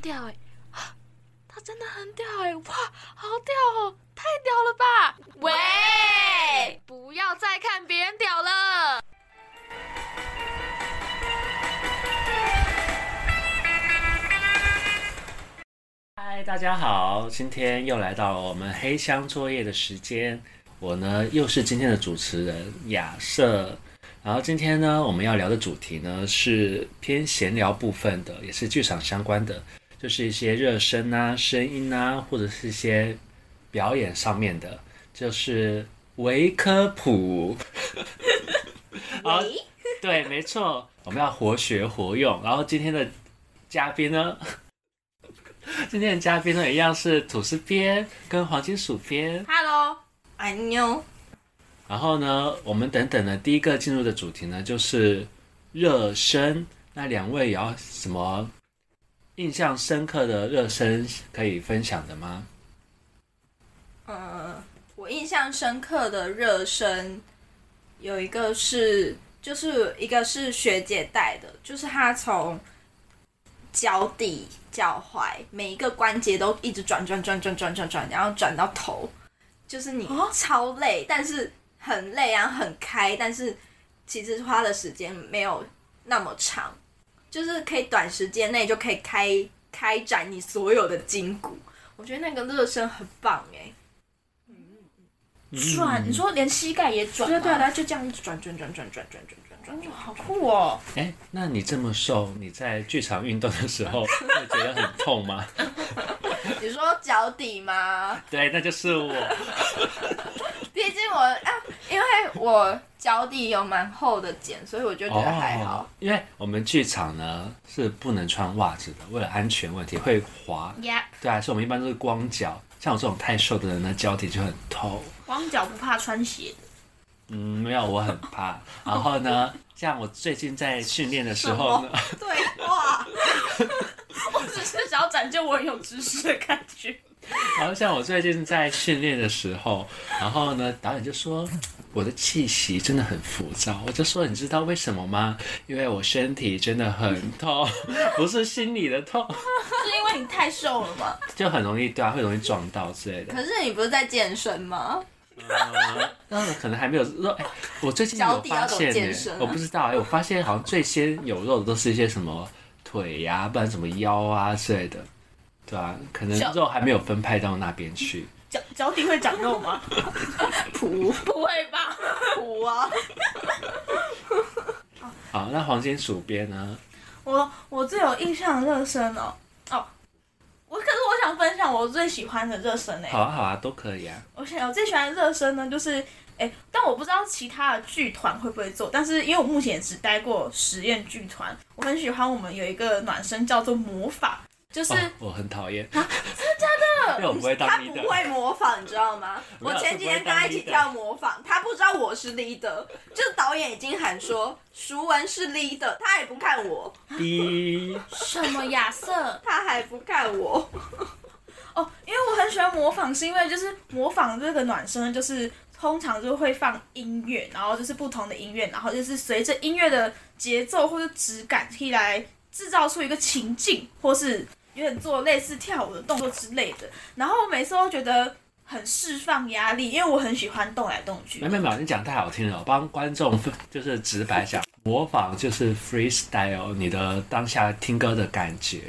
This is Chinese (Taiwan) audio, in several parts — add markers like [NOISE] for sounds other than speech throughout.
屌 [NOISE] 他真的很屌哎！哇，好屌哦，太屌了吧！喂，不要再看別人屌了。嗨，大家好，今天又來到了我們黑箱作業的時間，我呢又是今天的主持人亞瑟。然後今天呢，我們要聊的主題呢是偏閒聊部分的，也是劇場相關的。就是一些熱身啊、聲音啊，或者是一些表演上面的，就是微科普、 [LAUGHS] oh。對，沒錯，我們要活學活用。然後今天的嘉賓呢， [LAUGHS] 今天的嘉賓呢一樣是土司編跟黃金鼠編。Hello，安妞。然後呢，我們等等的第一個進入的主題呢就是熱身。那兩位也要什麼？印象深刻的熱身可以分享的嗎？嗯，我印象深刻的熱身有一個是，就是一個是學姐帶的，就是她從腳底腳、腳踝每一個關節都一直轉轉轉轉轉轉轉，然後轉到頭，就是你超累，哦，但是很累啊，然後很開，但是其實花的時間沒有那麼長。就是可以短時間內就可以開開展你所有的筋骨，我覺得那個熱身很棒哎、欸。嗯，轉，你說連膝蓋也轉、啊？對對、啊、對，就這樣一直轉轉轉轉轉轉轉轉轉，好酷哦！哎，那你這麼瘦，你在劇場運動的時候，會覺得很痛嗎？ [LAUGHS] 你說腳底嗎？對，那就是我。 [LAUGHS] 畢竟我啊，因為我腳底有蠻厚的繭，所以我就覺得還好。Oh, oh, oh, 因為我們劇場呢是不能穿襪子的，為了安全問題會滑。Yeah. 對啊，所以我們一般都是光腳。像我這種太瘦的人呢，腳底就很痛。光腳不怕穿鞋。嗯，沒有，我很怕。然後呢，像我最近在訓練的時候呢， [LAUGHS] 對哇， [LAUGHS] 我只是想要展現我很有知識的感覺。然後像我最近在訓練的時候，然後呢，導演就說我的氣息真的很浮躁。我就說你知道為什麼嗎？因為我身體真的很痛， [LAUGHS] 不是心理的痛，是因為你太瘦了嗎？就很容易，對啊，會容易撞到之類的。可是你不是在健身嗎？呃、那可能還沒有肉。哎，我最近有發現腳底要怎麼健身，啊欸，我不知道哎，我發現好像最先有肉的都是一些什麼腿呀，啊，不然什麼腰啊之類的。對啊，可能肉還沒有分派到那邊去。腳腳底會長肉嗎？噗 [LAUGHS] 不， [LAUGHS] 不會吧？苦 [LAUGHS] 普啊！ [LAUGHS] 好，那黃金鼠編呢？我我最有印象的熱身哦、喔、哦、喔，我可是我想分享我最喜歡的熱身呢、欸。好啊好啊，都可以啊。我想我最喜歡熱身呢，就是哎、欸，但我不知道其他的劇團會不會做。但是因為我目前也只待過實驗劇團，我很喜歡我們有一個暖身叫做魔法。就是、哦、我很討厭啊，真的, [LAUGHS] 的，他不會模仿，你知道嗎？ [LAUGHS] 我前幾天跟他一起跳模仿， [LAUGHS] 他不知道我是 leader， [LAUGHS] 就是導演已經喊說熟文是 leader，他也不看我。什麼亞瑟，他還不看我。哦 [LAUGHS] 亞， [LAUGHS] [LAUGHS] oh, 因為我很喜歡模仿，是因為就是模仿這個暖身，就是通常就會放音樂，然後就是不同的音樂，然後就是隨着音樂的節奏或者質感，可以來制造出一個情境，或是。有點做類似跳舞的動作之類的，然後我每次都覺得很釋放壓力，因為我很喜歡動來動去。沒沒有，你講太好聽了。我幫觀眾就是直白講，模仿就是 freestyle 你的當下聽歌的感覺。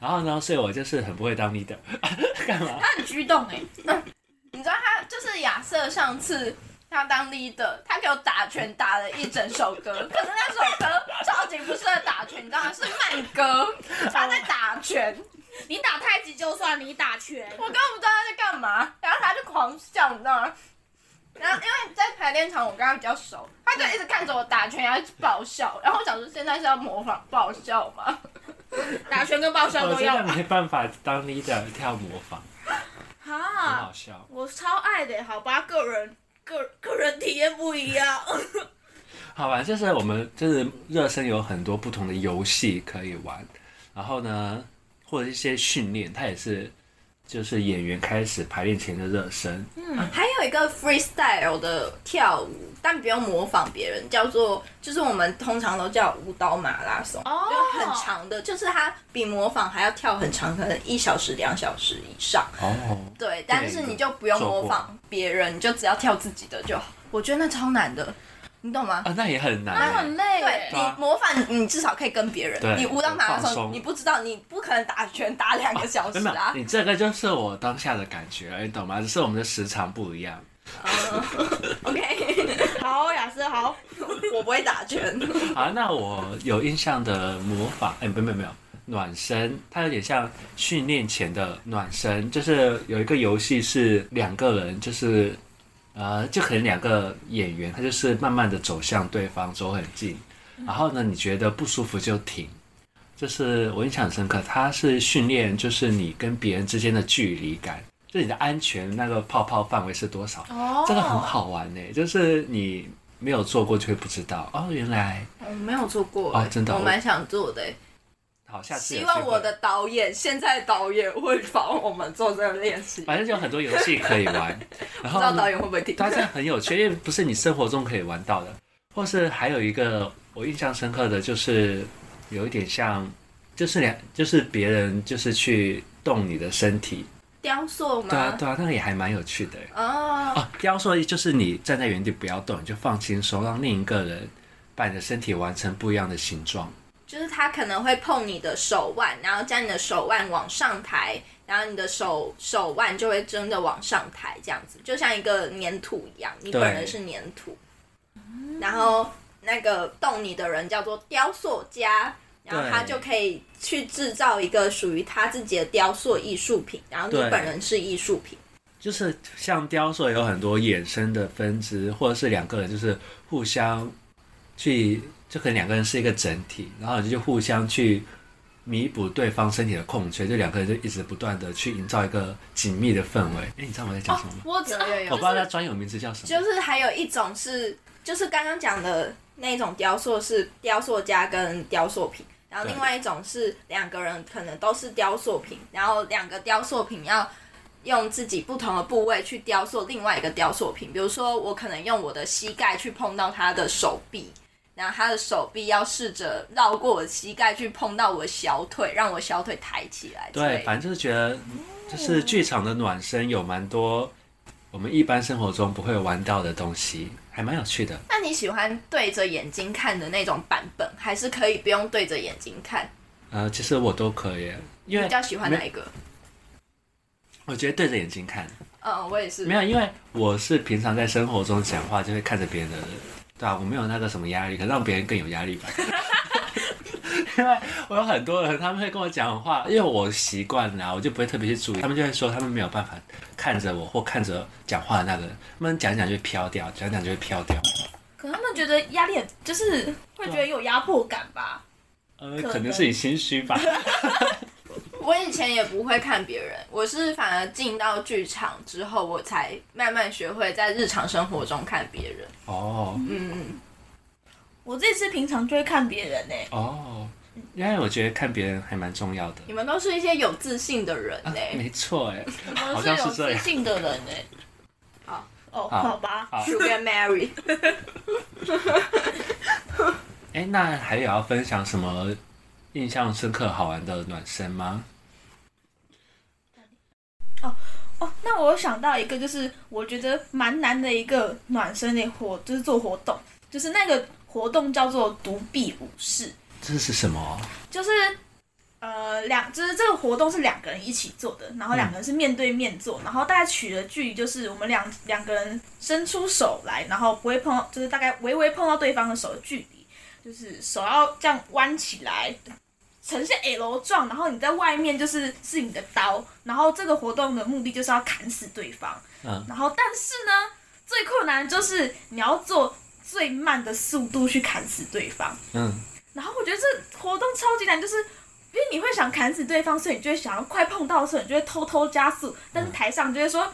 然後呢，所以我就是很不會當 leader。啊。幹嘛？他很激動哎、欸。那你知道他就是亞瑟上次他當 leader，他給我打拳打了一整首歌，可是那首歌超級不適合打拳，你知道他是慢歌，他在打拳。 [LAUGHS] 就算你打拳，我根本不知道他在幹嘛，然後他就狂笑，你知道嗎？然後因為在排練場，我跟他比較熟，他就一直看着我打拳，然後一直爆笑。然後我想說，現在是要模仿爆笑嗎？打拳跟爆笑都要。 [LAUGHS] 沒辦法，當你講要模仿，啊， [LAUGHS] 很好笑，我超愛的。好吧，個人個個人體驗不一樣。 [LAUGHS] 好吧、啊，就是我們就是熱身，有很多不同的遊戲可以玩。然後呢？做一些訓練，他也是，就是演員開始排練前的熱身。嗯，還有一個 freestyle 的跳舞，但不用模仿別人，叫做就是我們通常都叫舞蹈馬拉松，oh. 就很長的，就是它比模仿還要跳很長，可能一小時、兩小時以上。哦、oh，對，但是你就不用模仿別人，你就只要跳自己的就好。我覺得那超難的。你懂嗎？啊，那也很難，那還很累。對，對你模仿你至少可以跟別人。 [LAUGHS] 對。你舞蹈馬上，你不知道，你不可能打拳打兩個小時啊、哦沒沒！你這個就是我當下的感覺，你懂嗎？只是我們的時長不一樣。Uh, o、okay. k [LAUGHS] 好，雅思，好， [LAUGHS] 我不會打拳。好、啊，那我有印象的模仿，哎，不，沒有沒有沒有，暖身，它有點像訓練前的暖身，就是有一個遊戲是兩個人，就是。呃，就可能兩個演員，他就是慢慢的走向對方，走很近，然後呢，你覺得不舒服就停。就是我印象很深刻，他是訓練，就是你跟別人之間的距離感，就你的安全那個泡泡範圍是多少。哦。這個很好玩呢，欸，就是你沒有做過就會不知道。哦，原來。我，哦，沒有做過，欸。哦，真的。我蠻想做的，欸。好，下次希望我的導演，現在導演會幫我們做這個練習。反正就有很多遊戲可以玩 [LAUGHS] 然後，不知道導演會不會聽。但 [LAUGHS] 是、啊、很有趣，因為不是你生活中可以玩到的。或是還有一個我印象深刻的，就是有一點像，就是兩，就是別人就是去動你的身體，雕塑嗎？對啊，對啊，那個也還蠻有趣的。哦、oh. 啊、雕塑就是你站在原地不要動，你就放輕鬆，讓另一個人把你的身體完成不一樣的形狀。就是他可能會碰你的手腕，然後將你的手腕往上抬，然後你的手手腕就會真的往上抬，這樣子就像一個粘土一樣，你本人是粘土，然後那個動你的人叫做雕塑家，然後他就可以去製造一個屬於他自己的雕塑藝術品，然後你本人是藝術品，就是像雕塑有很多衍生的分支，或者是兩個人就是互相去、嗯。就可能兩個人是一個整體，然後就就互相去彌補對方身體的空缺，這兩個人就一直不斷的去營造一個緊密的氛圍。誒、欸，你知道我在講什麼嗎？哦、我有有我不知道它專有名字叫什麼、就是。就是還有一種是，就是剛剛講的那種雕塑是雕塑家跟雕塑品，然後另外一種是兩個人可能都是雕塑品，然後兩個雕塑品要用自己不同的部位去雕塑另外一個雕塑品，比如說我可能用我的膝蓋去碰到他的手臂。然後他的手臂要試着繞過我的膝蓋去碰到我的小腿，讓我小腿抬起來。對，反正就是覺得，就是劇場的暖身有蠻多我們一般生活中不會玩到的東西，還蠻有趣的。那你喜歡對着眼睛看的那種版本，還是可以不用對着眼睛看？呃，其實我都可以。因為比較喜歡哪一個？我覺得對着眼睛看。嗯、哦，我也是。沒有，因為我是平常在生活中講話就會看着別人的人。啊，我沒有那個什麼壓力，可讓別人更有壓力吧？ [LAUGHS] 因為我有很多人，他們會跟我講話，因為我習慣了，我就不會特別去注意。他們就會說，他們沒有辦法看着我或看着講話的那個人，他們講講就飄掉，講講就會飄掉。可他們覺得壓力很，就是會覺得有壓迫感吧？嗯，呃，可能是你心虛吧。 [LAUGHS] 我以前也不會看別人，我是反而進到劇場之後，我才慢慢學會在日常生活中看別人。哦、oh. 嗯，我這次平常就會看別人呢，欸。哦，因為我覺得看別人還蠻重要的。你們都是一些有自信的人呢。沒錯哎，欸，你們是有自信的人呢，欸。 [LAUGHS] 好，哦、oh, 好吧，屬於 Mary。哎，那還有要分享什麼印象深刻、好玩的暖身嗎？哦哦，那我想到一個，就是我覺得蠻難的一個暖身的活，就是做活動，就是那個活動叫做獨臂武士。這是什麼？就是呃，兩就是這個活動是兩個人一起做的，然後兩個人是面對面做，嗯，然後大概取的距離就是我們兩兩個人伸出手來，然後不會碰到，就是大概微微碰到對方的手的距離，就是手要這樣彎起來。呈現 L 狀，然後你在外面就是是你的刀，然後這個活動的目的就是要砍死對方。嗯，然後但是呢，最困難就是你要做最慢的速度去砍死對方。嗯，然後我覺得這活動超級難，就是因為你會想砍死對方，所以你就會想要快，碰到的時候，你就會偷偷加速，但是台上就會說，嗯，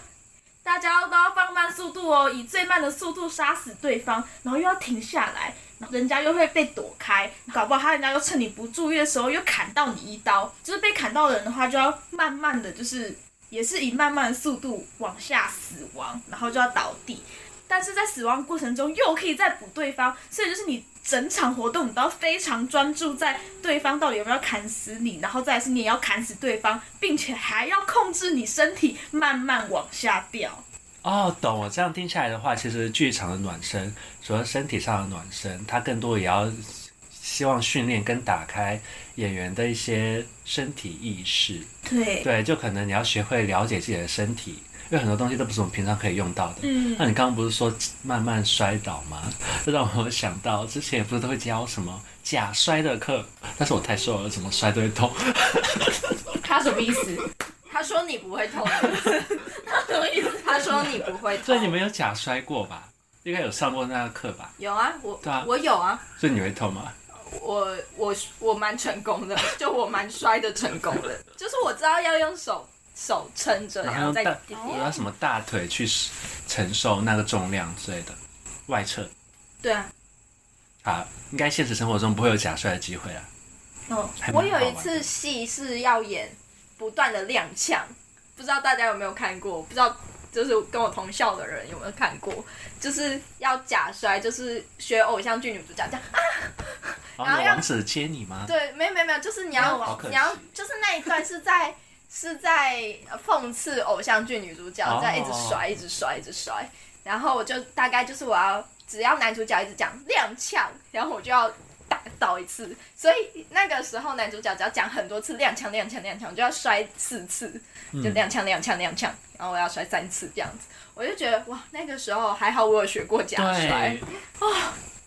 大家都要放慢速度哦，以最慢的速度殺死對方，然後又要停下來。人家又會被躲開，搞不好他人家又趁你不注意的時候又砍到你一刀。就是被砍到的人的話，就要慢慢的，就是也是以慢慢的速度往下死亡，然後就要倒地。但是在死亡過程中又可以再補對方，所以就是你整場活動你都要非常專注在對方到底有沒有砍死你，然後再來是你也要砍死對方，並且還要控制你身體慢慢往下掉。哦，懂我。我這樣聽下來的話，其實劇場的暖身，除了身體上的暖身，它更多也要希望訓練跟打開演員的一些身體意識。對。對，就可能你要學會了解自己的身體，因為很多東西都不是我們平常可以用到的。嗯。那你剛剛不是說慢慢摔倒嗎？這讓我想到之前也不是都會教什麼假摔的課，但是我太瘦了，怎麼摔都會痛。 [LAUGHS] 他什麼意思？他說你不會痛。 [LAUGHS] [LAUGHS] 說你不會，所以你們有假摔過吧？應該有上過那個課吧？有啊，我對啊，我有啊。所以你會痛嗎？我我我蠻成功的，就我蠻摔的成功的， [LAUGHS] 就是我知道要用手手撐着，然後再我要、啊、什麼大腿去承受那個重量之類的，外側。對啊，好，應該現實生活中不會有假摔的機會啊。哦，我有一次戲是要演不斷的踉蹌，不知道大家有沒有看過？我不知道。就是跟我同校的人有沒有看過？就是要假摔，就是學偶像劇女主角這樣啊。啊，然後要王子接你嗎？對，沒有沒有沒有，就是你要、啊、你要就是那一段是在 [LAUGHS] 是在諷刺偶像劇女主角 [LAUGHS] 在一直摔一直摔一直摔，然後我就大概就是我要只要男主角一直講踉蹌，然後我就要。打倒一次，所以那個時候男主角只要講很多次踉蹌踉蹌踉蹌，我就要摔四次，就踉蹌踉蹌踉蹌，然後我要摔三次這樣子，我就覺得哇，那個時候還好我有學過假摔哦，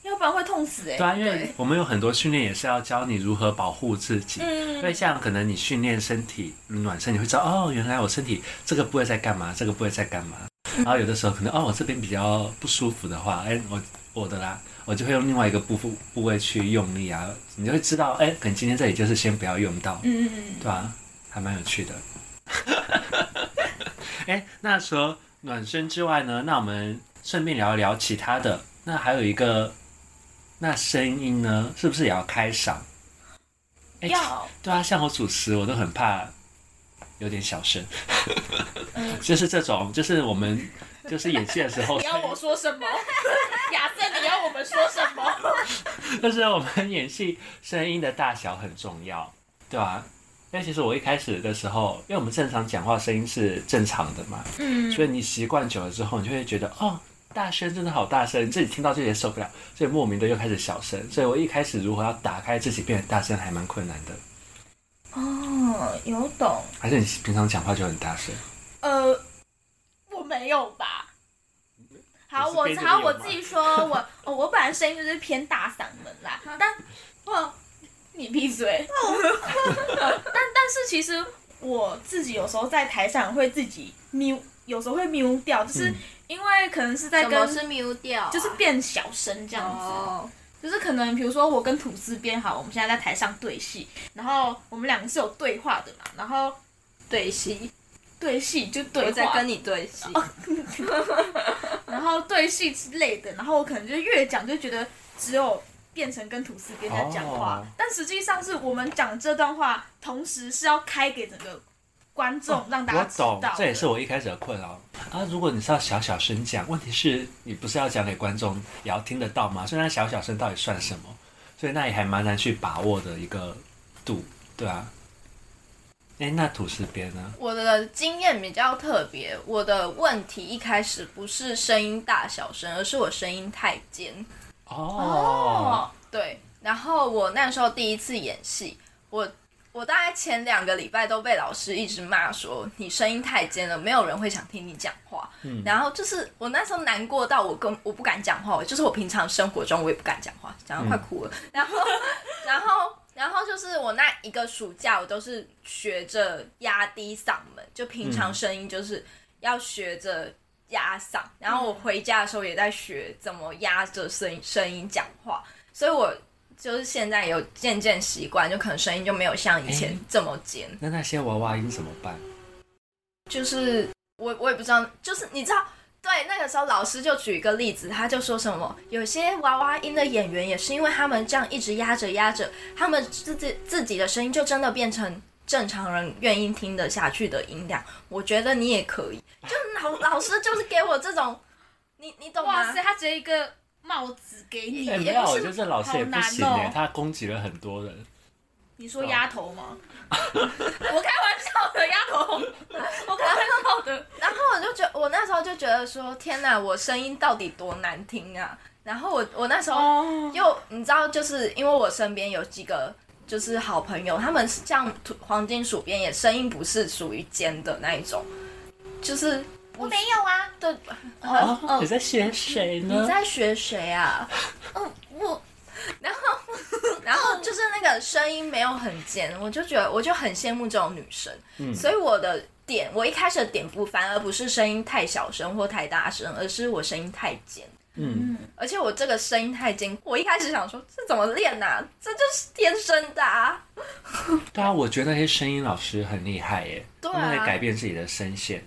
要不然會痛死哎、欸。對，、啊、對我們有很多訓練也是要教你如何保護自己，嗯、因為像可能你訓練身體暖身，你會知道哦，原來我身體這個部位在幹嘛，這個部位在幹嘛， [LAUGHS] 然後有的時候可能哦，我這邊比較不舒服的話，哎我。我的啦，我就會用另外一個部分部位去用力啊，你就會知道，哎、欸，可能今天這裡就是先不要用到，嗯嗯嗯，對吧、啊？還蠻有趣的。哎、 [LAUGHS] 欸，那除了暖身之外呢？那我們順便聊一聊其他的。那還有一個，那聲音呢，是不是也要開嗓？要、欸。對啊，像我主持，我都很怕有點小聲， [LAUGHS] 就是這種，就是我們。就是演戲的時候，你要我說什麼？亞瑟，你要我們說什麼？ [LAUGHS] 就是我們演戲聲音的大小很重要，對吧、啊？但其實我一開始的時候，因為我們正常講話聲音是正常的嘛，嗯，所以你習慣久了之後，你就會覺得哦，大聲真的好大聲，你自己聽到自己受不了，所以莫名的又開始小聲。所以我一開始如何要打開自己變得大聲，還蠻困難的。哦，有懂。還是你平常講話就很大聲？呃。沒有吧？好，我好我自己說我，我、 [LAUGHS] 哦、我本來聲音就是偏大嗓門啦，但、哦、你閉嘴。 [LAUGHS] 但但是其實我自己有時候在台上會自己 mute 有時候會 mute 掉，就是因為可能是在跟是 mute 掉、啊，就是變小聲這樣子。哦、就是可能比如說我跟土司編好，我們現在在台上對戲，然後我們兩個是有對話的嘛，然後對戲。對戲就對，我在跟你對戲，哦、 [LAUGHS] 然後對戲之類的，然後我可能就越講就覺得只有變成跟吐司編在講話、哦，但實際上是我們講這段話，同時是要開給整個觀眾、哦、讓大家知道懂，這也是我一開始的困擾啊。如果你是要小小聲講，問題是你不是要講給觀眾也要聽得到嗎？雖然小小聲到底算什麼？所以那也還蠻難去把握的一個度，對吧、啊？哎、欸，那土司編呢？我的經驗比較特別。我的問題一開始不是聲音大小聲，而是我聲音太尖。哦、oh. oh,，對。然後我那時候第一次演戲，我我大概前兩個禮拜都被老師一直罵說：“你聲音太尖了，沒有人會想聽你講話。嗯”然後就是我那時候難過到我跟我不敢講話，我就是我平常生活中我也不敢講話，講的快哭了、嗯。然後，然後。 [LAUGHS] 然後就是我那一個暑假，我都是學着壓低嗓門，就平常聲音就是要學着壓嗓。嗯、然後我回家的時候也在學怎麼壓着聲音聲音講話，所以我就是現在有漸漸習慣，就可能聲音就沒有像以前這麼尖。那那些娃娃音怎麼辦？就是我我也不知道，就是你知道。對，那個時候老師就舉一個例子，他就說什麼有些娃娃音的演員也是因為他們這樣一直壓着壓着，他們自己自己的聲音就真的變成正常人願意聽得下去的音量。我覺得你也可以，就老老師就是給我這種， [LAUGHS] 你你懂嗎？哇塞，他折一個帽子給你，欸、沒有，這是，我覺得這老師也不行耶，好難哦，他攻擊了很多人。你說丫頭嗎？Oh. [LAUGHS] 我開玩笑的，丫頭， [LAUGHS] 我開玩笑的。 [LAUGHS] 然後我就覺，我那時候就覺得說，天哪，啊，我聲音到底多難聽啊！然後我，我那時候又，oh. 你知道，就是因為我身邊有幾個就是好朋友，他們像黃金鼠編，也聲音不是屬於尖的那一種，就是我，我沒有啊，對，oh, 嗯、你在學誰呢？你在學誰啊？嗯，我。然後，然後就是那個聲音沒有很尖，我就覺得我就很羨慕這種女生。嗯，所以我的點，我一開始的點不翻，而不是聲音太小聲或太大聲，而是我聲音太尖。嗯，而且我這個聲音太尖，我一開始想說,我一開始想說這怎麼練吶、啊？這就是天生的啊。對啊，我覺得那些聲音老師很厲害耶，對啊、他們來改變自己的聲線。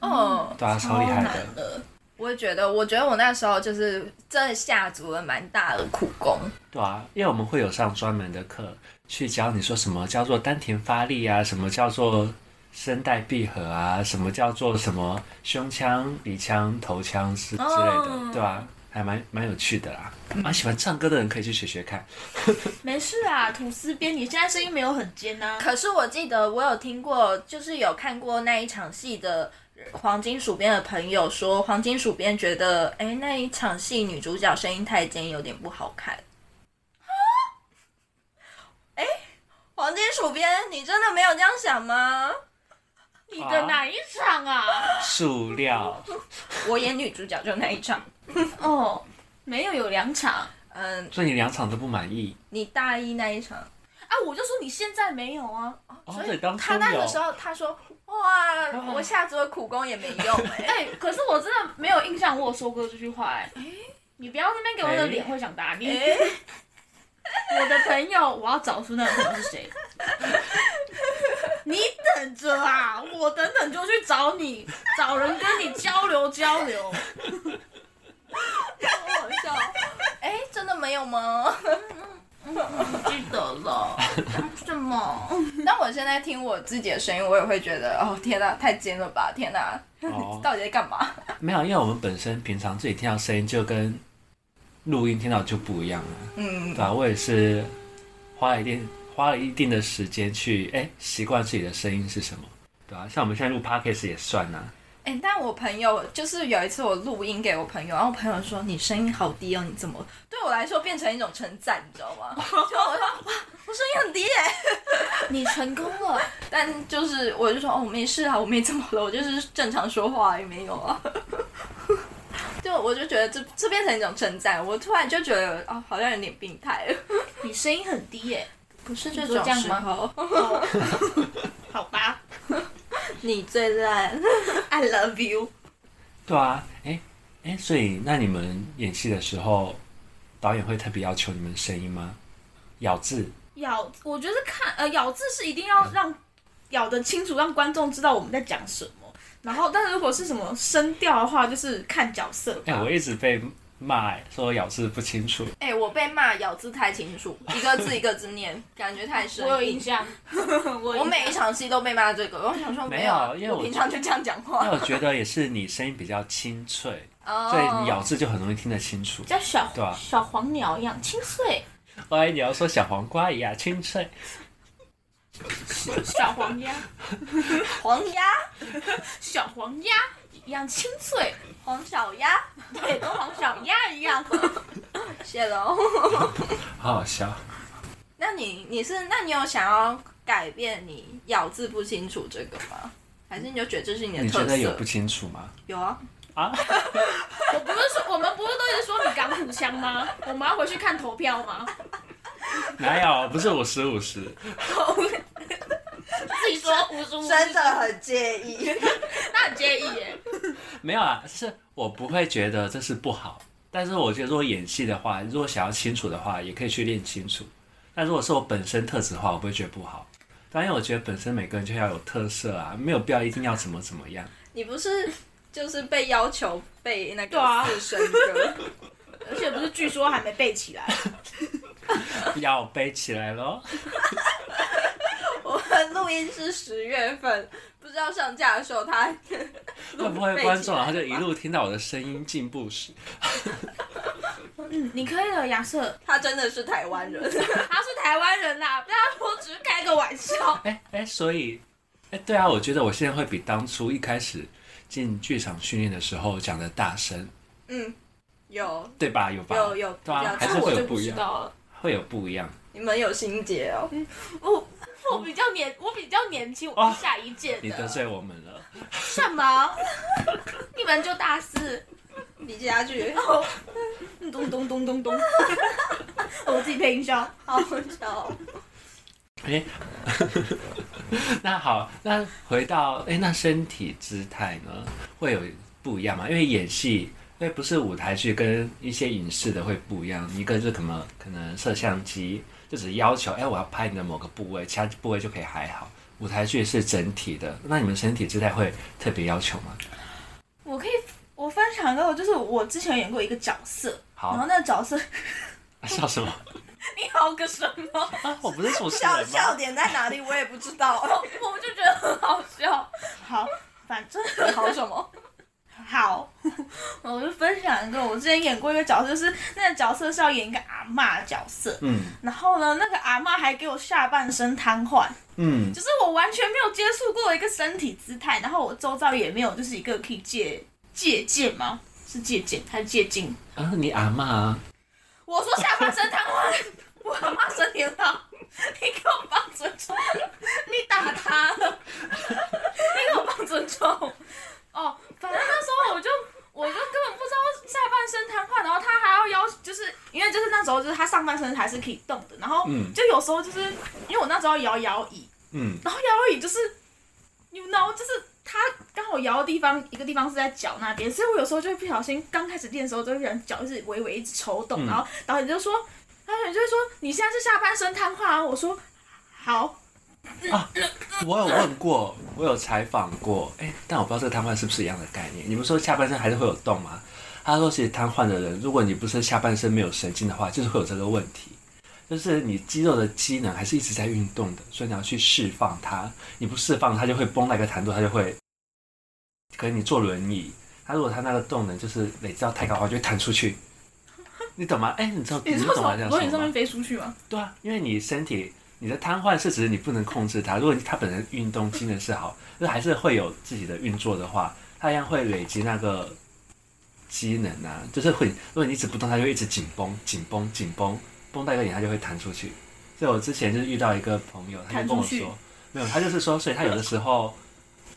哦、嗯，對啊，超厲害的。我也覺得，我覺得我那時候就是真的下足了蠻大的苦功。對啊，因為我們會有上專門的課去教你說什麼叫做丹田發力啊，什麼叫做聲帶閉合啊，什麼叫做什麼胸腔、鼻腔、頭腔是之類的，oh, 對啊，還蠻蠻有趣的啦，蠻喜歡唱歌的人可以去學學看。 [LAUGHS] 沒事啊，土司編，你現在聲音沒有很尖啊。可是我記得我有聽過，就是有看過那一場戲的。黃金鼠編的朋友說：“黃金鼠編覺得，哎、欸，那一場戲女主角聲音太尖，有點不好看。”哈，哎，黃金鼠編，你真的沒有這樣想嗎？啊、你的哪一場啊？塑料，我演女主角就那一場。 [LAUGHS] 哦，沒有，有兩場。嗯，所以你兩場都不滿意？你大一那一場，啊，我就說你現在沒有啊，啊所以他那個時候他說。哇！我下週的苦功也沒用哎、欸。哎、 [LAUGHS] 欸，可是我真的沒有印象我有說過這句話哎、欸欸。你不要在那邊給我的臉會想打你、欸。我的朋友，我要找出那個朋友是誰。 [LAUGHS] 你等着啊，我等等就去找你，找人跟你交流交流。 [LAUGHS] 哦、好笑。哎、欸，真的沒有嗎？ [LAUGHS] [LAUGHS] 我不記得了，為什麼？ [LAUGHS] 但我現在聽我自己的聲音，我也會覺得，哦，天哪，太尖了吧，天哪！哦、 [LAUGHS] 到底在幹嘛？沒有，因為我們本身平常自己聽到聲音就跟錄音聽到就不一樣了，嗯，對啊。我也是花了一定花了一定的時間去哎習慣自己的聲音是什麼，對啊。像我們現在錄 podcast 也算啊。哎、欸，但我朋友就是有一次我錄音給我朋友，然後我朋友說你聲音好低哦，你怎麼對我來說變成一種稱讚，你知道嗎？ [LAUGHS] 就我說哇，我聲音很低耶、欸， [LAUGHS] 你成功了。但就是我就說哦，我沒事啊，我沒怎麼了，我就是正常說話也沒有啊。 [LAUGHS] 就我就覺得這這變成一種稱讚，我突然就覺得哦，好像有點病態。 [LAUGHS] 你聲音很低耶、欸，不是這種時候。 [LAUGHS] [LAUGHS] 好吧， [LAUGHS] 你最爛。I love you。對啊，哎、欸、哎、欸，所以那你們演戲的時候，導演會特別要求你們聲音嗎？咬字。咬，我覺得看呃，咬字是一定要讓咬得清楚，讓觀眾知道我們在講什麼。然後，但是如果是什麼聲調的話，就是看角色。哎、欸，我一直被罵、欸、說咬字不清楚，哎、欸，我被罵咬字太清楚，一個字一個字唸， [LAUGHS] 感覺太深。我有印象，我， [LAUGHS] 我每一場戲都被罵這個，我想說沒有，沒有因為我，我平常就這樣講話。因為我覺得也是你聲音比較清脆，你清脆 [LAUGHS] 所以咬字就很容易聽得清楚。叫、oh, 小黃，小黃鳥一樣清脆。萬你要說小黃瓜一樣清脆，小黃鴨， [LAUGHS] 黃鴨，小黃鴨。一樣清脆，黃小鴨，對，跟黃小鴨一樣。謝 [LAUGHS] 了血龍。好好笑， [LAUGHS] 那你你是那你有想要改變你咬字不清楚這個嗎？還是你就覺得這是你的特色？你覺得有不清楚嗎？有啊。啊？ [LAUGHS] 我不是說我們不是都一直說你港普腔嗎？我們要回去看投票嗎？沒有？不是我十五十。自己說五十五真的很介意。 [LAUGHS] [LAUGHS] [LAUGHS] 那很介意耶。沒有啊，就是我不會覺得這是不好，但是我覺得如果演戲的話，如果想要清楚的話，也可以去練清楚。但如果是我本身特質的話，我不會覺得不好。當然，我覺得本身每個人就要有特色啊，沒有必要一定要怎麼怎麼樣。你不是就是被要求背那個？對啊，我神歌，而且不是據說還沒背起來。 [LAUGHS] [LAUGHS] 要背起來嘍 [LAUGHS] ！我們錄音是十月份。不知道上架的時候，他會不會觀眾，然後就一路聽到我的聲音進步時 [LAUGHS] ，嗯，你可以了，亞瑟，他真的是台灣人， [LAUGHS] 他是台灣人啊。他不要說只是開個玩笑。哎、欸、哎、欸，所以哎、欸，對啊，我覺得我現在會比當初一開始進劇場訓練的時候講的大聲。嗯，有對吧？有吧？有有，有對啊，還是會有不一樣不，會有不一樣。你們有心結哦。嗯，哦我比較年，嗯、我比較年輕，我是下一屆的，哦。你得罪我們了？什麼？ [LAUGHS] 你們就大四？ [LAUGHS] 你接下去然後、哦、 [LAUGHS] 咚咚咚咚咚， [LAUGHS] 我自己配音效，好，好笑、哦。哎、欸， [LAUGHS] 那好，那回到哎、欸，那身體姿態呢，會有不一樣嗎？因為演戲，因為不是舞台劇，跟一些影視的會不一樣。一個是可能可能攝像機。就只要求，哎，我要拍你的某個部位，其他部位就可以還好。舞台劇是整體的，那你們身體姿態會特別要求嗎？我可以，我分享一個，就是我之前演過一個角色，好，然後那個角色、啊、笑什麼？ [LAUGHS] 你好個什麼？啊、我不是說笑點笑點在哪裡？我也不知道， [LAUGHS] 我就覺得很好笑。好，反正 [LAUGHS] 好什麼？好，我就分享一個，我之前演過一個角色，就是那個角色是要演一個啊。阿嬤角色，嗯，然後呢，那個阿嬤還給我下半身癱瘓，嗯，就是我完全沒有接觸過一個身體姿態，然後我周遭也沒有就是一個可以借借鑑嗎？是借鑑他是借鑑啊？你阿嬤？啊，我說下半身癱瘓， [LAUGHS] 我阿嬤身體好， [LAUGHS] 你給我放尊重， [LAUGHS] 你打他了， [LAUGHS] 你給我放尊重，哦，反正那時候我就。我就根本不知道下半身癱瘓，然後他還要搖，就是因為就是那時候就是他上半身還是可以動的，然後就有時候就是因為我那時候搖搖椅，嗯，然後搖椅就是，you know，就是他剛好搖的地方一個地方是在腳那邊，所以我有時候就會不小心，剛開始練的時候就會讓腳一直微微一直抽動，然後導演就說，導演就會說，你現在是下半身癱瘓啊，我說好。啊，我有問過，我有採訪過，哎，但我不知道這個癱瘓是不是一樣的概念。你不是說下半身還是會有動嗎？他說，其實癱瘓的人，如果你不是下半身沒有神經的話，就是會有這個問題，就是你肌肉的機能還是一直在運動的，所以你要去釋放它。你不釋放它，它就會崩到一個彈度，它就會。可是你坐輪椅，它如果它那個動能就是累積到太高的話，就會彈出去。你懂嗎？哎，你知道你知道從輪椅上面飛出去嗎？對啊，因為你身體。你的癱瘓是指你不能控制它。如果它本身運動機能是好，就還是會有自己的運作的話，它一樣會累積那個機能啊，就是會。如果你一直不動，它就一直緊繃、緊繃、緊繃，繃到一個點，它就會彈出去。所以我之前就是遇到一個朋友，他就跟我說，沒有，他就是說，所以他有的時候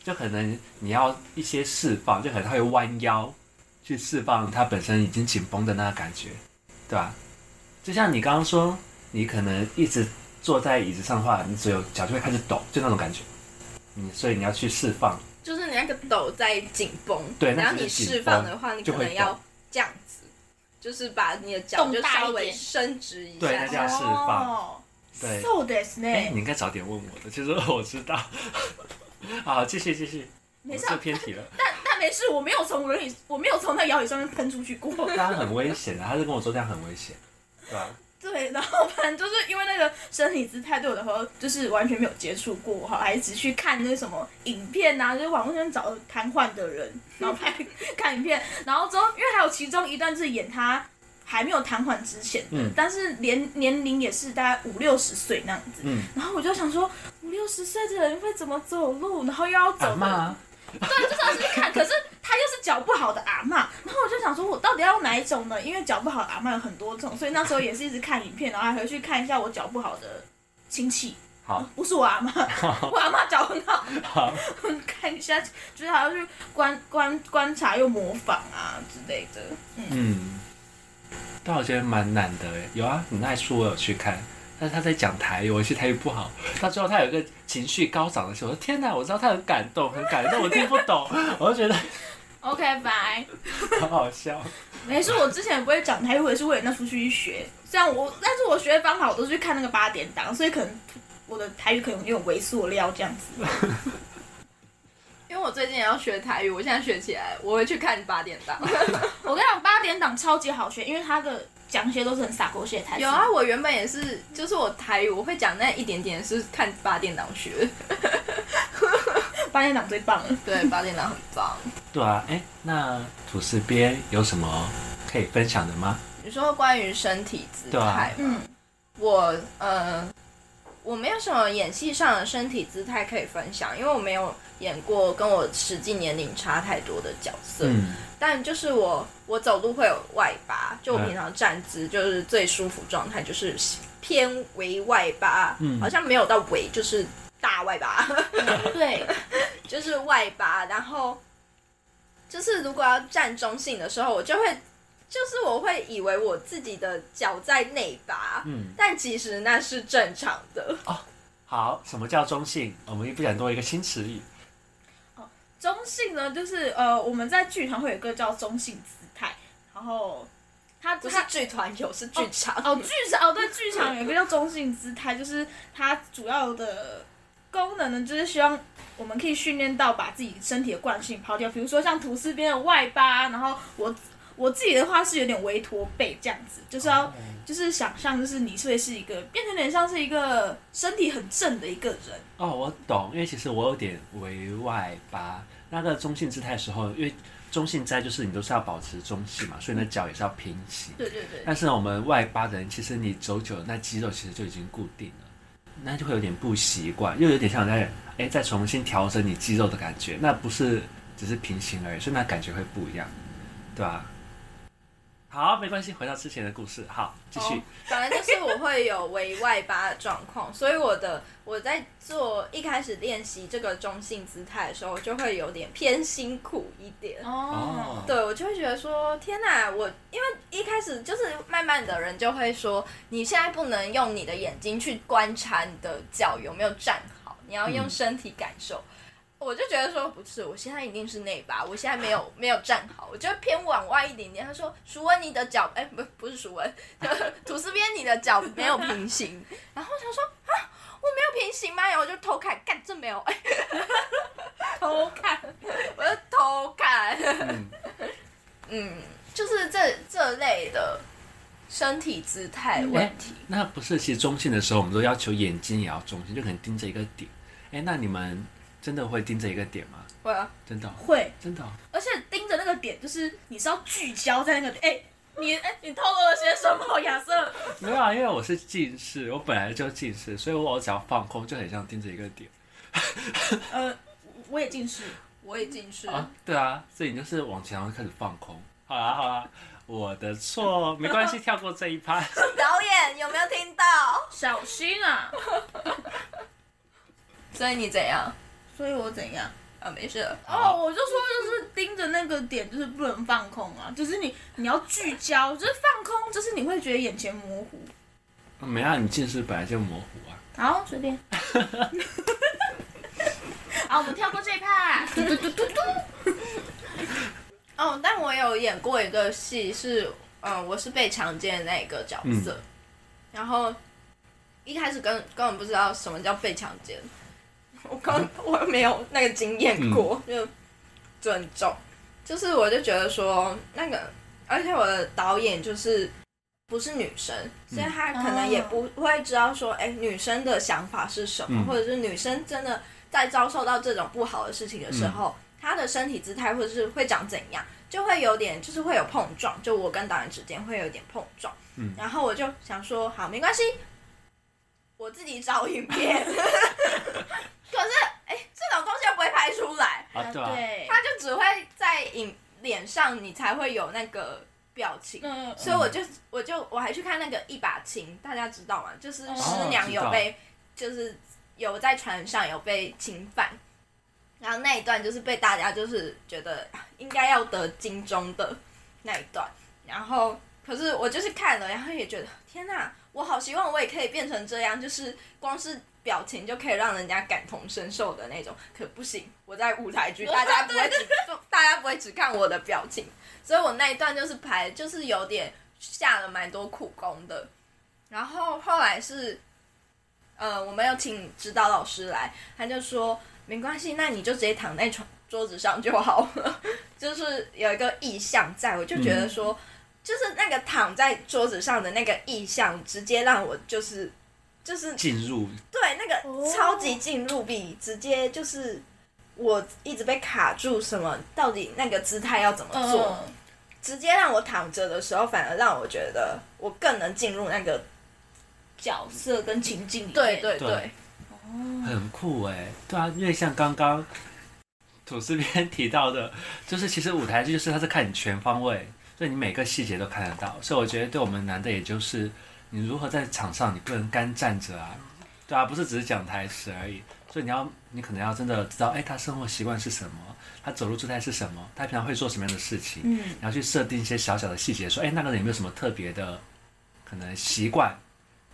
就可能你要一些釋放，就可能他會彎腰去釋放他本身已經緊繃的那個感覺，對吧？就像你剛剛說，你可能一直。坐在椅子上的話，你只有腳就會開始抖，就那種感覺。你、嗯、所以你要去釋放，就是你那個抖在緊繃，對，然後你釋放的話、嗯，你可能要這樣子，就、就是把你的腳就稍微伸直一下，一點對，那叫釋放。Oh, 對，so this 那。你應該早點問我的，其實我知道。 [LAUGHS] 好，謝謝，謝謝。沒事，偏題了。但但沒事，我沒有從輪椅，我沒有從那搖椅上面噴出去過。剛 [LAUGHS] 剛很危險的、啊，他是跟我說這樣很危險，對吧、啊？對，然後反正就是因為那個生理姿態，對我的時候，就是完全沒有接觸過哈，還一直去看那什麼影片啊，就網絡上找癱瘓的人，然後拍 [LAUGHS] 看影片，然後之後因為還有其中一段是演他還沒有癱瘓之前，嗯，但是年年齡也是大概五六十歲那樣子，嗯，然後我就想說五六十歲的人會怎麼走路，然後又要走嗎？啊 [LAUGHS] 對，就算是要去看，可是他又是腳不好的阿嬤，然後我就想說，我到底要哪一種呢？因為腳不好的阿嬤有很多種，所以那時候也是一直看影片，然後還回去看一下我腳不好的親戚，好、嗯，不是我阿嬤，我阿嬤腳很好好， [LAUGHS] 看一下，就是還要去觀觀觀察又模仿啊之類的，嗯，嗯但我覺得蠻難的，哎，有啊，你那一齣我有去看。但是他在講台語，我其實台語不好。到最後他有一個情緒高漲的時候，我說天哪，我知道他很感動，很感動， [LAUGHS] 但我聽不懂，我就覺得，OK，拜，好好笑。 [LAUGHS] 沒事，我之前也不會講台語，我也是為了那出去去學。雖然我，但是我學的方法，我都是去看那個八點檔，所以可能我的台語可能有點微塑料，這樣子。 [LAUGHS] 因為我最近也要學台語，我現在學起來，我會去看八點檔。 [LAUGHS] 我跟你講，八點檔超級好學，因為他的講些都是很灑狗血的台詞。有啊，我原本也是，就是我台語我會講那一點點，是看八點檔學。 [LAUGHS] 八點檔最棒了， [LAUGHS] 對，八點檔很棒。對啊，哎、欸，那土司編有什麼可以分享的嗎？你說關於身體姿態、啊、嗯，我嗯。呃我沒有什麼演戲上的身體姿態可以分享，因為我沒有演過跟我實際年齡差太多的角色，嗯。但就是我，我走路會有外八，就我平常站姿就是最舒服狀態，就是偏微外八，嗯，好像沒有到微，就是大外八。對，嗯， [LAUGHS] 就是外八。然後，就是如果要站中性的時候，我就會。就是我會以為我自己的腳在內八，嗯，但其實那是正常的。哦、好，什麼叫中性？我們也不想多一個新詞語。哦。中性呢，就是呃，我們在劇場會有個叫中性姿態，然後它不是劇團有，是劇場哦，劇場哦，對，劇場有一個叫中性姿態。哦 [LAUGHS] 哦，就是它主要的功能呢，就是希望我們可以訓練到把自己身體的慣性拋掉，比如說像土司編的外八，然後我。我自己的話是有點微駝背這樣子，就是要就是想象就是你所以是一個變成有點像是一個身體很正的一個人。哦，我懂，因為其實我有點微外八，那個中性姿態的時候，因為中性在就是你都是要保持中性嘛，所以那腳也是要平行。對對對。但是呢我們外八的人，其實你走久那肌肉其實就已經固定了，那就會有點不習慣，又有點像在哎再重新調整你肌肉的感覺，那不是只是平行而已，所以那感覺會不一樣，對吧？好，沒關係，回到之前的故事。好，繼續。哦。本來就是我會有微外八的狀況， [LAUGHS] 所以我的我在做一開始練習這個中性姿態的時候，我就會有點偏辛苦一點。哦，對，我就會覺得說，天哪，啊！我因為一開始就是慢慢的人就會說，你現在不能用你的眼睛去觀察你的腳有沒有站好，你要用身體感受。嗯我就覺得說不是，我現在一定是內八，我現在沒有沒有站好，我就會偏往外一點點。他說舒文你的腳，哎、欸，不不是舒文，就是、吐司編你的腳沒有平行。 [LAUGHS] 然後他說啊，我沒有平行嗎？然後我就偷看，幹這沒有、欸，偷看，我就偷看嗯，嗯，就是這這類的身體姿態問題、欸。那不是其實中性的時候，我們都要求眼睛也要中性，就可能盯着一個點。哎、欸，那你們。真的會盯着一個點嗎？會啊，真的、喔、會，真的、喔。而且盯着那個點，就是你是要聚焦在那個點，哎、欸，你哎、欸，你透露了些什麼，亞瑟？沒有啊，因為我是近視，我本來就近視，所以我只要放空，就很像盯着一個點。 [LAUGHS] 呃，我也近視，我也近視啊。對啊，所以你就是往前開始放空。好啦、啊、好啦、啊，我的錯，沒關係， [LAUGHS] 跳過這一趴。導演有沒有聽到？小心啊！ [LAUGHS] 所以你怎樣？所以我怎樣啊？沒事了哦，我就說就是盯着那個點，就是不能放空啊，就是你你要聚焦，就是放空，就是你會覺得眼前模糊。啊，沒啊，你近視本來就模糊啊。好，隨便。啊， [LAUGHS] [LAUGHS] 我們跳過這一趴啊。嘟嘟嘟嘟嘟。 [LAUGHS] 哦，但我有演過一個戲，是呃，我是被強姦的那個角色，嗯，然後一開始根根本不知道什麼叫被強姦。我剛我沒有那個經驗過，嗯，就尊重，就是我就覺得說那個，而且我的導演就是不是女生，嗯，所以她可能也不、哦，不會知道說，哎、欸，女生的想法是什麼、嗯，或者是女生真的在遭受到這種不好的事情的時候，嗯，她的身體姿態或者是會長怎樣，就會有點就是會有碰撞，就我跟導演之間會有點碰撞，嗯，然後我就想說，好，沒關係，我自己找影片。嗯 [LAUGHS] 可是，哎，這種東西又不會拍出來，啊、對、啊，他就只會在影臉上，你才會有那個表情。嗯、所以我就我就我還去看那個一把青，大家知道嗎？就是師娘有被，哦、就是有在船上有被侵犯，然後那一段就是被大家就是覺得應該要得金鐘的那一段。然後，可是我就是看了，然後也覺得天哪，我好希望我也可以變成這樣，就是光是。表情就可以讓人家感同身受的那種，可不行。我在舞台劇，大家不會只 [LAUGHS] 對對對，大家不會只看我的表情，所以我那一段就是排，就是有點下了蠻多苦功的。然後後來是，呃，我沒有請指導老師來，他就說沒關係，那你就直接躺在床桌子上就好了。就是有一個意象在，我就覺得說，就是那個躺在桌子上的那個意象，直接讓我就是。就是進入，對，那個超級進入比直接就是我一直被卡住，什麼到底那個姿態要怎麼做？直接讓我躺着的時候，反而讓我覺得我更能進入那個角色跟情境裡面。對，對對對，哦，很酷哎、欸！對啊，因為像剛剛土司編提到的，就是其實舞台劇就是他是看你全方位，所以你每個細節都看得到。所以我覺得對我們男的，也就是。你如何在場上？你不能乾站着啊，對啊，不是只是講台詞而已，所以你要，你可能要真的知道，哎、欸，他生活習慣是什麼，他走路姿態是什麼，他平常會做什麼樣的事情，嗯，你要去設定一些小小的細節，說，哎、欸，那個人有沒有什麼特別的可能習慣？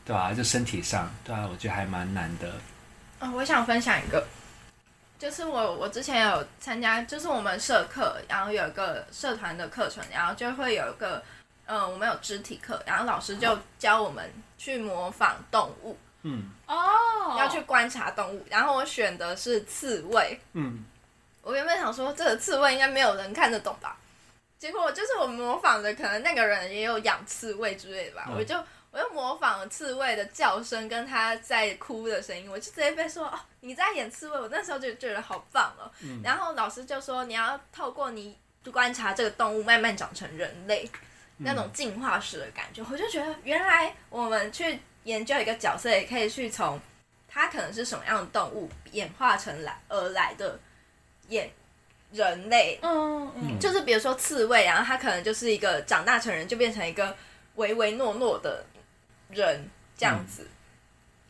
對啊，就身體上，對啊，我覺得還蠻難的。嗯、呃，我想分享一個，就是我我之前有參加，就是我們社課，然後有一個社團的課程，然後就會有一個。嗯，我們有肢體課，然後老師就教我們去模仿動物。嗯，哦，要去觀察動物。然後我選的是刺蝟。嗯，我原本想說這個刺蝟應該沒有人看得懂吧，結果就是我模仿的，可能那個人也有養刺蝟之類的吧。嗯、我就，我又模仿了刺蝟的叫聲跟他在哭的聲音，我就直接被說哦，你在演刺蝟。我那時候就覺得好棒了、哦嗯。然後老師就說你要透過你觀察這個動物，慢慢長成人類。那種進化式的感覺，我就覺得原來我們去研究一個角色，也可以去從他可能是什麼樣的動物演化成來而來的演人類，嗯嗯，就是比如說刺蝟，然後他可能就是一個長大成人就變成一個唯唯諾諾的人這樣子。嗯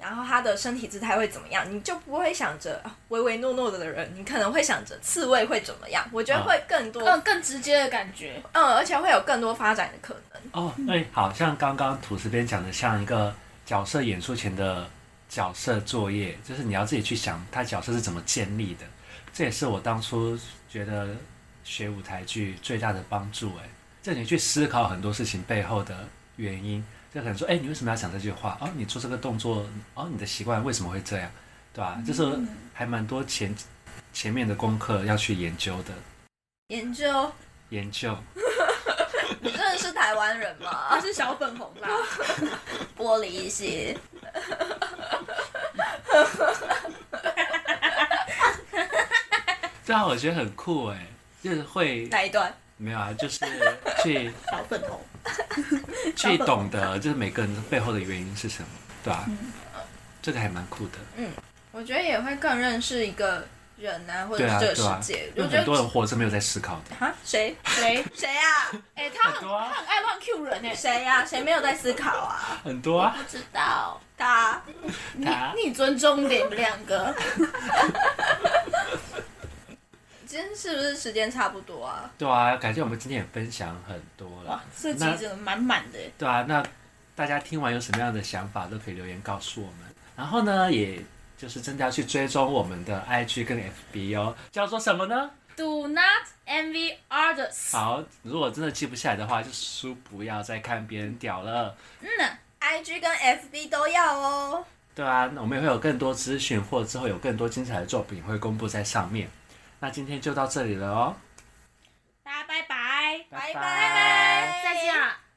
然後他的身體姿態會怎麼樣？你就不會想着唯唯諾諾的人，你可能會想着刺蝟會怎麼樣？我覺得會更多，哦嗯，更直接的感覺，嗯，而且會有更多發展的可能。哦，哎，欸，好像剛剛土司編講的，像一個角色演出前的角色作業，就是你要自己去想他角色是怎麼建立的。這也是我當初覺得學舞台劇最大的幫助，欸，哎，這你去思考很多事情背後的原因。就很說，哎、欸，你為什麼要講這句話？哦，你做這個動作，哦，你的習慣為什麼會這樣，對吧、啊？就是還蠻多前前面的功課要去研究的。研究研究， [LAUGHS] 你真的是台灣人嗎？是小粉紅吧？ [LAUGHS] 玻璃心型。這 [LAUGHS] 樣 [LAUGHS] 我覺得很酷哎、欸，就是會哪一段？沒有啊，就是去 [LAUGHS] 小粉紅。去 [LAUGHS] 懂得，就是每個人背後的原因是什麼，對吧、啊？這個還蠻酷的。嗯，我覺得也會更認識一個人啊，或者是這個世界。我、啊啊、覺得很多人活着沒有在思考的。哈，誰誰誰啊？哎、欸，他很很多、啊、他很愛亂 Q 人呢、欸。誰呀、啊？誰沒有在思考啊？很多啊。我不知道他，他，你你尊重點兩個？ [LAUGHS] [LAUGHS] 今天是不是時間差不多啊？對啊，感覺我們今天也分享很多了，這集真的滿滿的。對啊，那大家聽完有什麼樣的想法都可以留言告訴我們。然後呢，也就是真的要去追蹤我們的 IG 跟 FB 哦，叫做什麼呢？Do not envy others。好，如果真的記不下來的話，就書不要再看別人屌了。嗯，IG 跟 FB 都要哦。對啊，那我們也會有更多資訊，或者之後有更多精彩的作品會公布在上面。那今天就到這裡了哦，大家拜拜，拜拜，拜拜，再見了。